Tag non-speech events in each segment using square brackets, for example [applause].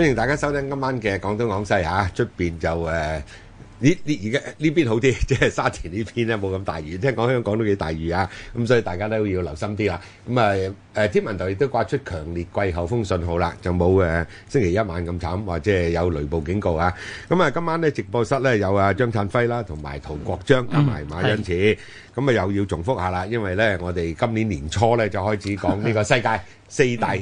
歡迎大家收聽今晚嘅廣東廣西嚇，出邊就誒呢呢而家呢邊好啲，即係沙田呢邊咧冇咁大雨。聽講香港都幾大雨啊，咁所以大家都要留心啲啦。咁啊誒天文台亦都掛出強烈季候風信號啦，就冇誒星期一晚咁慘，或者係有雷暴警告啊。咁啊今晚咧直播室咧有啊張燦輝啦，同埋陶國璋同埋馬恩賜，咁啊又要重複下啦，因為咧我哋今年年初咧就開始講呢個世界四大。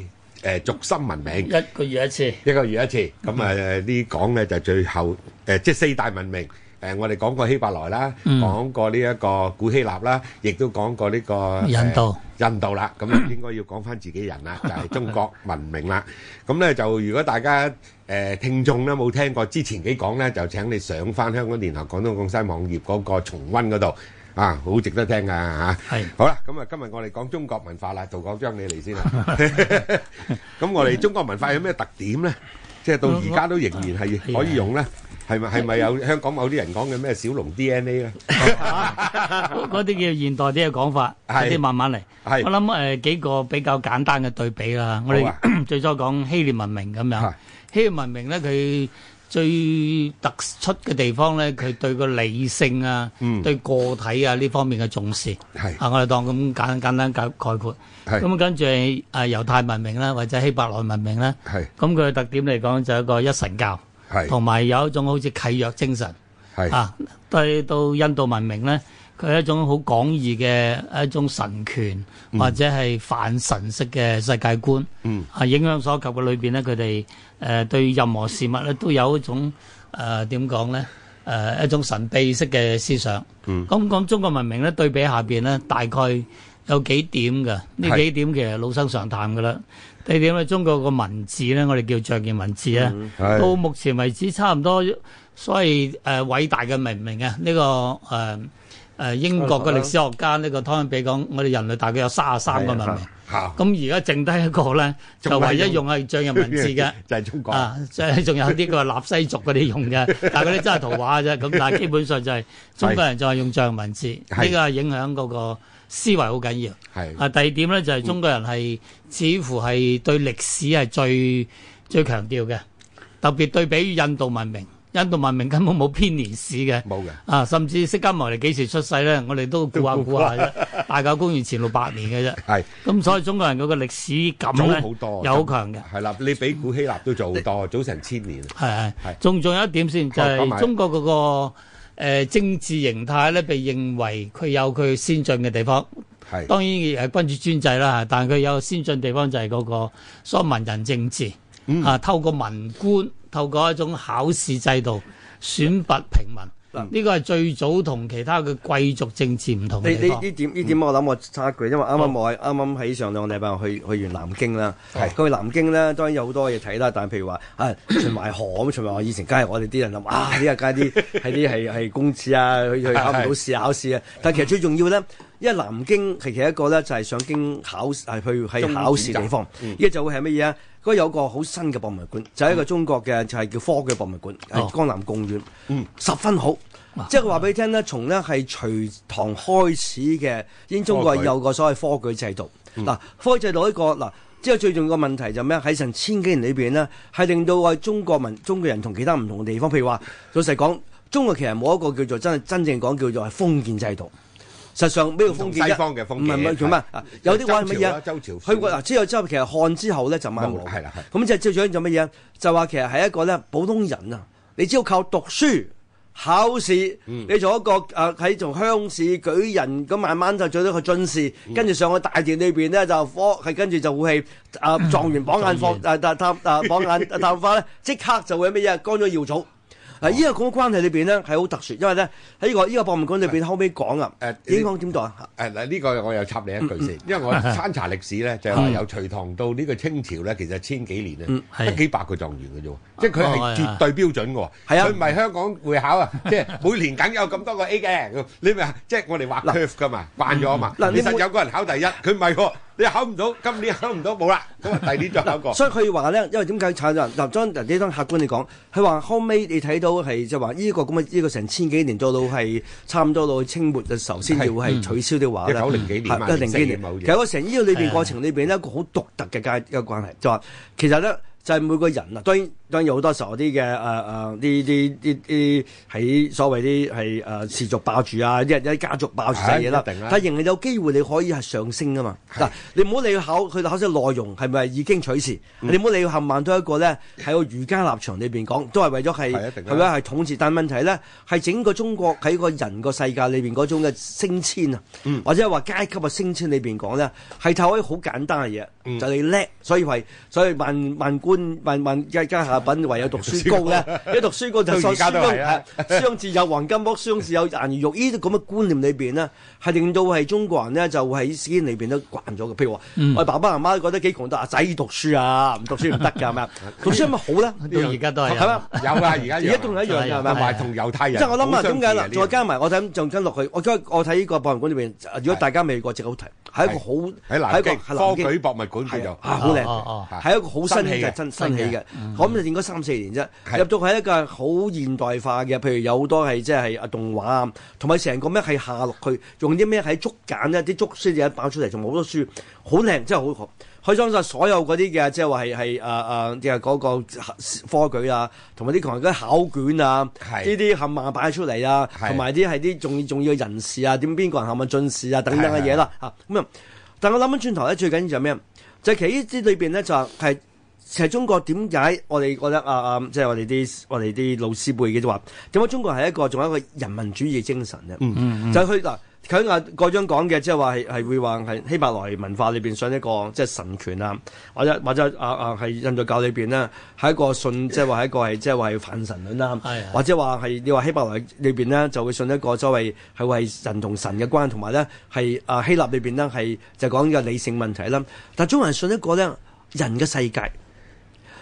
誒，軸心文明一個月一次，一個月一次，咁啊，呢講咧就最後誒，即係四大文明誒，我哋講過希伯來啦，講過呢一個古希臘啦，亦都講過呢個印度印度啦，咁應該要講翻自己人啦，就係中國文明啦。咁咧就如果大家誒聽眾咧冇聽過之前幾講咧，就請你上翻香港電台廣東廣西網頁嗰個重温嗰度。啊，好值得聽噶嚇！係好啦，咁啊，今日我哋講中國文化啦，陶國璋你嚟先啦。咁我哋中國文化有咩特點咧？即係到而家都仍然係可以用咧？係咪係咪有香港某啲人講嘅咩小龍 DNA 咧？嗰啲叫現代啲嘅講法，嗰啲慢慢嚟。我諗誒幾個比較簡單嘅對比啦。我哋最初講希臘文明咁樣，希臘文明咧佢。最突出嘅地方咧，佢對個理性啊，嗯、對個體啊呢方面嘅重視，是啊，我哋當咁簡簡單概括。咁跟住啊，猶太文明啦，或者希伯來文明啦，咁佢嘅特點嚟講就一個一神教，同埋是有，有一種好似契約精神。是啊，對到印度文明咧。佢係一種好廣義嘅一種神權，嗯、或者係泛神式嘅世界觀。嗯，啊影響所及嘅裏邊咧，佢哋誒對任何事物咧都有一種誒，點講咧，誒一種神秘式嘅思想。咁講、嗯、中國文明咧對比下邊咧，大概有幾點嘅？呢幾點其實老生常談嘅啦。是第二點咧，中國個文字咧，我哋叫象形文字啊。嗯、到目前為止，差唔多所謂誒、呃、偉大嘅文明啊，呢、這個誒。呃誒英國嘅歷史學家呢、啊啊、個湯因比講，我哋人類大概有三十三個文明，咁而家剩低一個咧，文就唯一用係象形文字嘅， [laughs] 就係中國。啊，即係仲有啲佢話納西族嗰啲用嘅， [laughs] 但係嗰啲真係圖畫嘅啫。咁 [laughs] 但係基本上就係中國人就係用象文字，呢是個影響嗰個思維好緊要。係啊是，第二點咧就係中國人係、嗯、似乎係對歷史係最最強調嘅，特別對比印度文明。印度文明根本冇編年史嘅，冇嘅啊，甚至釋迦牟尼幾時出世咧，我哋都估下估下大約公元前六百年嘅啫。係 [laughs] 是。咁所以中國人嗰個歷史感好多，有好強嘅。係啦，你比古希臘都早好多， [laughs] 早成千年。係係的。仲仲的有一點先，就係、是、中國嗰、那個、呃、政治形態咧，被認為佢有佢先進嘅地方。係是。當然亦係君主專制啦，但係佢有先進的地方就係嗰個文人政治。嗯、啊！透過文官，透過一種考試制度選拔平民，呢個係最早同其他嘅貴族政治唔同的。呢呢呢點呢點我諗我插一句因為啱啱我係啱啱喺上兩個禮拜去去完南京啦。係、哦，去、那個、南京咧，當然有好多嘢睇啦。但係譬如話、哎、啊，秦淮河咁，秦淮我以前梗係我哋啲人諗啊，呢個街啲係啲係係公廁啊，去去考唔到試考試啊。的的但係其實最重要咧。因為南京其實一個咧就係上京考試去係考試地方。依、嗯、個就會係乜嘢啊？嗰有個好新嘅博物館，就係、是、一個中國嘅就係、是、叫科舉博物館，係、嗯、江南貢院，嗯，十分好。啊、即係話俾你聽呢從呢係隋唐開始嘅，英中國有個所謂科舉制度。嗱，科舉、嗯、科舉制度呢、這個嗱，即係最重要嘅問題就咩？喺成千幾年裏邊呢係令到我哋中國民中國人同其他唔同嘅地方，譬如話老實講，中國其實冇一個叫做真係真正講叫做係封建制度。實上咩嘢封建？西方嘅封建唔係唔係叫咩？做是有啲話係乜嘢？佢嗱，之後其實之後呢、嗯、其實漢之後咧就慢慢係咁，即係朝主要就乜嘢？就話其實係一個咧普通人啊，你只要靠讀書考試，你做一個誒喺從鄉試舉人咁慢慢就做到個進士，跟住、嗯、上去大殿裏邊咧就科，係跟住就會係誒狀元榜眼科、 [coughs] 啊、探誒榜眼探花咧，即刻就會乜嘢？幹咗耀祖。嗱，依個講關係裏邊咧，係好特殊，因為咧喺依個依個博物館裏邊後屘講啊。誒，呢行點讀啊？誒嗱，呢個我又插你一句先，因為我參查歷史咧，就係話由隋唐到呢個清朝咧，其實千幾年咧，得幾百個狀元嘅啫，即係佢係絕對標準喎。係啊，佢唔係香港會考啊，即係每年梗有咁多個 A 嘅。你咪即係我哋畫 curve 㗎嘛，慣咗啊嘛。其實有個人考第一，佢唔係喎。你考唔到，今年考唔到，冇啦，咁啊，第二年再考過。 [music] 所以佢話咧，因為點解拆咗立莊？人哋當客觀你講、這個，佢話後尾你睇到係就話呢個咁嘅呢個成千幾年做到係差唔多到清末嘅時候，先至會係取消啲話咧。一九零幾年，一零幾年。其實我成呢個裏邊過程裏邊呢、啊、一個好獨特嘅關一個關係，就話其實咧就係、是、每個人啊，當當然好多時候啲嘅誒誒啲啲啲啲喺所謂啲係誒持續爆住啊！一人啲家族爆曬嘢啦，的但係仍然有機會你可以係上升㗎嘛嗱！的你唔好理考佢考試嘅內容係咪已經取士？嗯、你唔好理冚萬都一個呢，喺個儒家立場裏面講，都係為咗係係咪統治？但問題呢，係整個中國喺個人個世界裏面嗰種嘅升遷啊，嗯、或者係話階級嘅升遷裏邊講呢，係睇嗰啲好簡單嘅嘢，嗯、就你叻，所以係所以萬官萬家品唯有讀書高咧，一讀書高就書中自有黃金屋、書中自有顏如玉。呢啲咁嘅觀念裏邊呢，係令到係中國人呢就喺思維裏邊都慣咗嘅。譬如話，我爸爸媽媽覺得幾窮，得阿仔讀書啊，唔讀書唔得㗎，係讀書咪好啦，而家都係，有㗎，而家都一樣嘅，同猶太人，即係我諗啊，點解啦？加埋我睇，仲跟落去。我我睇呢個博物館裏邊，如果大家未過，值得睇，係一個好喺南京科舉博物館好係一個好新嘅新新嘅變嗰三四年啫，入到係一個好現代化嘅。譬如有好多係即係啊動畫啊，同埋成個咩係下落去，用啲咩喺竹簡一啲竹書一擺出嚟，仲好多書，好靚，真係好好，可以裝曬所有嗰啲嘅，即係話係係啊啊，即係嗰個科舉啊，同埋啲窮人嗰啲考卷啊，呢啲冚唪唥擺出嚟啊，同埋啲係啲重要重要嘅人士啊，點邊個人冚唪唥進士啊等等嘅嘢啦嚇，咁是的 啊，但我諗翻轉頭咧，最緊要就咩、是、就係其呢啲裏邊咧就係。其實中國點解我哋覺得啊啊，即、啊、係、就是、我哋啲我哋啲老師輩嘅就話，點解中國係一個仲有一個人民主義精神啫？嗯嗯，嗯就、啊，就去、是、嗱，佢阿國璋講嘅，即係話係係會話係希伯來文化裏邊信一個即係、就是、神權啊，或者或者啊啊係印度教裏邊咧，係一個信即係話係一個係即係話泛神論啦， [laughs] 或者話係你話希伯來裏邊呢就會信一個所謂係為神同神嘅關係，同埋呢係啊希臘裏邊呢係就講個理性問題啦。但中國人信一個呢人嘅世界。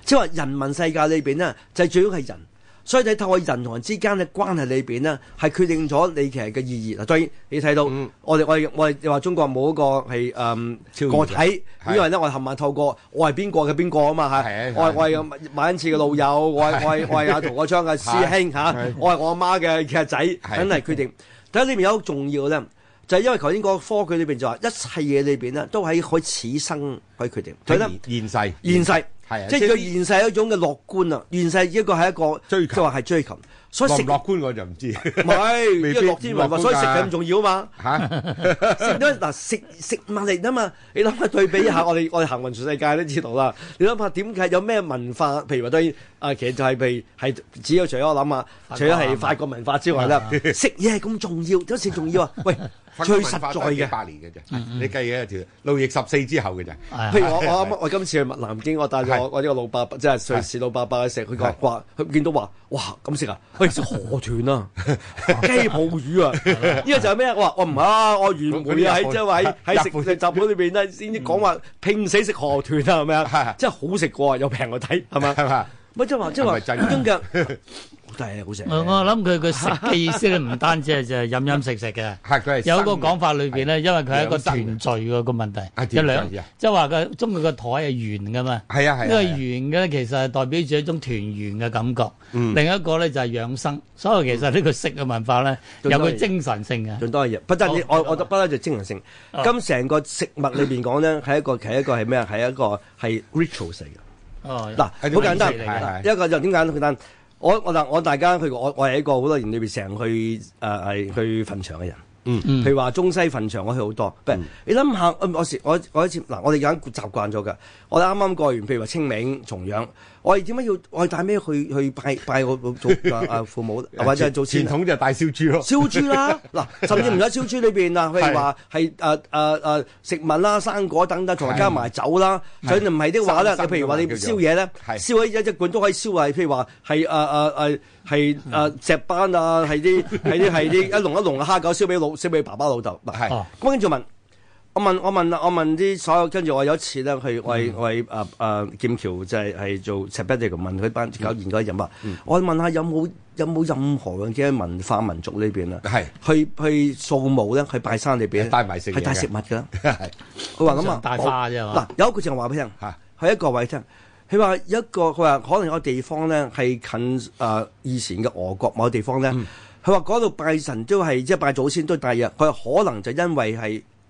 即係話人民世界裏邊呢就係主要係人，所以你透過人同人之間嘅關係裏邊呢係決定咗你其實嘅意義。當然你睇到我哋，我哋，我哋又話中國冇一個係誒個體，因為呢我係冚唪唥透過我係邊個嘅邊個啊嘛吓，我我係馬恩賜嘅老友，我係我係我係阿陶國璋嘅師兄吓，我係我阿媽嘅嘅仔，等係決定。但係裏邊有好重要咧，就係因為頭先個科舉裏邊就話一切嘢裏邊呢都喺可以此生可以決定。睇得現世，現世。係，是啊、即係佢現世一種嘅樂觀啊！現世一個係一個追求琴，即係話係追求。所以食樂,樂觀我就唔知道。唔係 [laughs] 是，因樂天文化，所以食咁重要嘛啊嘛嚇。食咗嗱，食食物嚟啊嘛，你諗下對比一下， [laughs] 我哋我哋行運全世界都知道啦。你諗下點解有咩文化？譬如話對啊，其實就係譬係只有除咗我諗下，除咗係法國文化之外啦，啊、食嘢係咁重要，有乜重要啊？喂！最實在嘅，百年嘅啫，你計嘅條路易十四之後嘅啫。譬如我我啱啱我今次去南京，我帶咗我呢個老伯伯，即係瑞士老伯伯去食。佢講話佢見到話，哇咁食啊，喂，食河豚啊，雞泡魚啊，呢個就係咩？我話我唔啊，我原會喺即係喺食食雜誌裏面咧先至講話拼死食河豚啊，咁樣，真係好食過，又平又抵，係咪？唔係即係話，即係話，中腳都係好食。我我諗佢食嘅意思咧，唔單止係就係飲飲食食嘅。係佢係有個講法裏邊咧，因為佢係一個團聚個個問題。係即係話個中，佢個台係圓噶嘛。係啊係啊！呢個圓嘅咧，其實係代表住一種團圓嘅感覺。嗯。另一個咧就係養生，所以其實呢個食嘅文化咧有個精神性嘅。仲多嘢，不單止我我不單止精神性。咁成個食物裏邊講咧，係一個係一個係咩啊？係一個係 ritual 性嘅。嗱，好簡單，啊、一個就點簡單？我我嗱，我大家去過我我係一個好多年裏邊成日去誒係、呃、去墳場嘅人，嗯，譬如話中西墳場我去好多，嗯、你諗下我我我一次嗱，我哋而家習慣咗㗎，我哋啱啱過完譬如話清明、重陽。我哋點解要我哋帶咩去去拜拜我做啊父母，或者係做傳統就帶大燒豬咯，燒豬啦嗱，甚至唔使燒豬裏面啊，譬如話係啊啊食物啦、生果等等，同埋加埋酒啦，所以唔係的話咧，你譬如話你燒嘢咧，燒一一罐都可以燒，係譬如話係啊啊啊係石斑啊，係啲係啲一啲一籠一籠嘅蝦餃燒俾老燒俾爸爸老豆嗱，係。咁跟住問。我問我問我問啲所有，跟住我有一次咧，去喂喂誒誒劍橋就係、是、係做石板地圖，問佢班搞研究人員，嗯、我問下有冇有冇任何嘅文化民族呢邊啊？係是去去掃墓咧，去拜山裏邊呢，帶埋食，係帶食物㗎。佢話咁啊，帶花。」啫嗱有一句就話俾你聽，係一個位俾聽。佢話一個佢話可能有個地方咧係近誒、呃、以前嘅俄國某個地方咧，佢話嗰度拜神都係即係拜祖先都帶入。佢可能就因為係。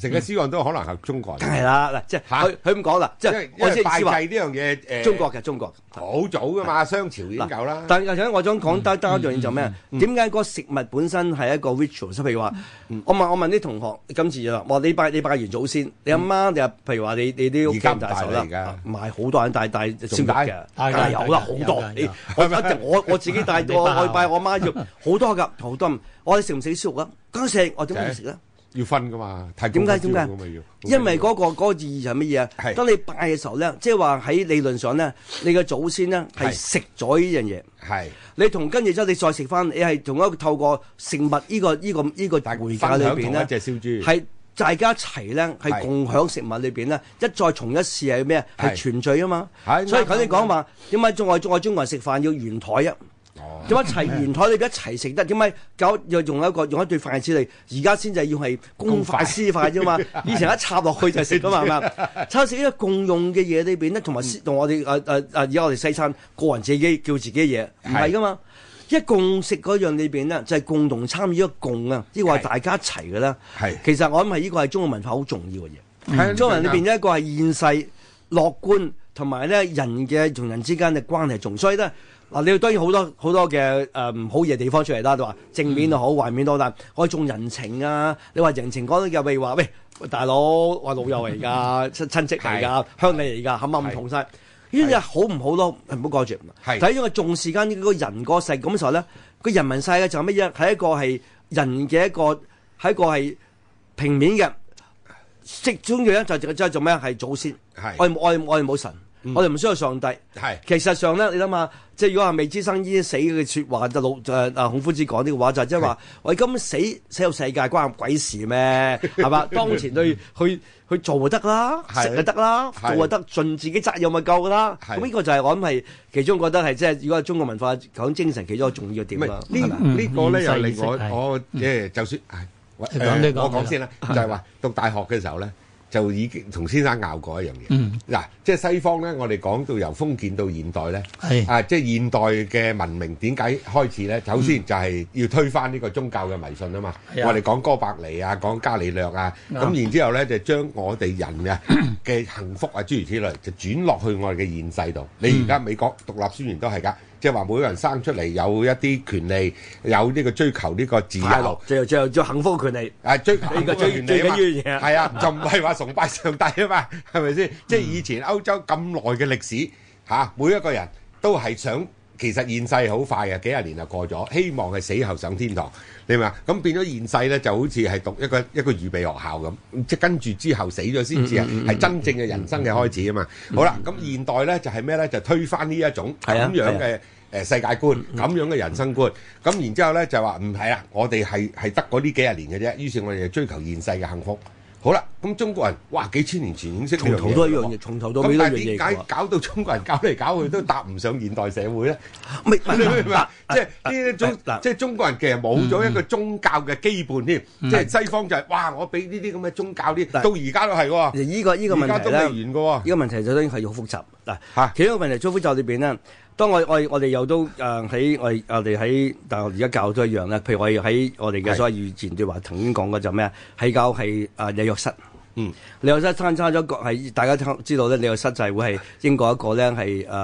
成個思想都可能係中國人。係啦，嗱，即係佢佢咁講啦，即係我先先話呢樣嘢誒，中國嘅中國好早噶嘛，商朝已經有啦。但係我想講單單一樣嘢就咩啊？點解個食物本身係一個 ritual？即係譬如話，我問我問啲同學今次就話：，我你拜你拜完祖先，你阿媽，你譬如話你你啲而家手咗嚟唔係好多人帶帶燒肉嘅，梗係有啦，好多我我自己帶我拜我媽要好多㗎，好多。我哋食唔食燒肉㗎？梗食，我點會食咧？要分噶嘛，太點解點解？因為嗰個嗰個意義係乜嘢啊？係，當你拜嘅時候咧，即係話喺理論上咧，你嘅祖先咧係食咗呢樣嘢。係，你同跟住之後，你再食返，你係同一透過食物呢個呢個呢個回教裏邊咧，係大家一齊咧係共享食物裏邊咧，一再重一次係咩啊？係團聚啊嘛。係，所以佢哋講話點解中外中外中國人食飯要圓台啊？點解齊圓台你一齊食得？點解搞又用一個用一對筷子嚟？而家先就要係公筷，公筷私筷啫嘛。 [laughs] 以前一插落去就食噶嘛，係咪 [laughs] 吧？叉食呢咧共用嘅嘢裏邊呢，同埋同我哋誒誒誒，而家我哋西餐個人自己叫自己嘅嘢唔係噶嘛。一是共食嗰樣裏邊呢，就係、是、共同參與一共啊，呢個係大家一齊噶啦。係，其實我諗係呢個係中國文化好重要嘅嘢。嗯、中國人裏邊一個係現世樂觀，同埋咧人嘅同人之間嘅關係重。所以咧。嗱，你當然、呃、好多好多嘅誒唔好嘢地方出嚟啦，都話正面都好，壞面都好。但我重人情啊，你話人情講咧，又譬如話喂，大佬，我老友嚟噶，親 [laughs] 親戚嚟噶，鄉里嚟噶，冚唪唥唔同晒呢啲好唔好咯唔好過住。係，睇咗我重視間呢個人過世咁時候咧，個人民世界就乜嘢？係一個係人嘅一個係一個係平面嘅，即中嘅咧就淨係做咩？係祖先，是愛愛愛冇神。我哋唔需要上帝。係。其實上咧，你諗下，即係如果話未知生焉死嘅說話，就老就阿孔夫子講呢個話，就即係話，我今死死有世界關我鬼事咩？係嘛，當前對去去做就得啦，食就得啦，做就得，盡自己責任咪夠噶啦。咁呢個就係我諗係，其中覺得係即係如果係中國文化講精神其中一個重要點啊。呢呢個咧又令我我即係就算，我講先啦，就係話讀大學嘅時候咧。就已經同先生拗過一樣嘢。嗱、嗯啊，即係西方咧，我哋講到由封建到現代咧，是啊，即係現代嘅文明點解開始咧？嗯、首先就係要推翻呢個宗教嘅迷信啊嘛。我哋講哥白尼啊，講伽利、啊、利略啊，咁、啊嗯、然之後咧就將我哋人嘅嘅咳咳幸福啊諸如此類，就轉落去我哋嘅現世度。你而家美國獨立宣言都係㗎。嗯嗯即係話每個人生出嚟有一啲權利，有呢個追求呢個自由，最後最後最幸福嘅權利。啊，追求呢個最嘅緊要嘢係啊，就唔係話崇拜上帝啊嘛，係咪先？即係以前歐洲咁耐嘅歷史，嚇、啊、每一個人都係想。其實現世好快啊，幾十年就過咗。希望係死後上天堂，你明嘛？咁變咗現世呢，就好似係讀一個一個預備學校咁，即係跟住之後死咗先至係真正嘅人生嘅開始啊嘛。嗯嗯、好啦，咁現代呢，就係、是、咩呢？就推翻呢一種咁樣嘅世界觀，咁、啊啊、樣嘅人生觀。咁、嗯嗯、然之後呢，就話唔係啦，我哋係係得嗰呢幾十年嘅啫，於是我哋就追求現世嘅幸福。好啦，咁中國人哇幾千年前已經識從好多一樣嘢，從頭到尾呢樣嘢。點解搞到中國人搞嚟搞去都搭唔上現代社會咧？即係呢一種即係中國人其實冇咗一個宗教嘅基本添，即係西方就係哇，我俾呢啲咁嘅宗教啲，到而家都係喎。而依個依個問題都未完咧，呢個問題就真係好複雜嗱。其中一個問題，好複雜裏邊呢當我我我哋又都誒喺、呃、我哋我哋喺大學而家教育都一樣咧，譬如我哋喺我哋嘅所謂預是前對話曾經講過就咩啊？喺教係啊李約瑟嗯，李約瑟參加咗個大家知道咧，李約瑟就係會係英國一個咧係誒。呃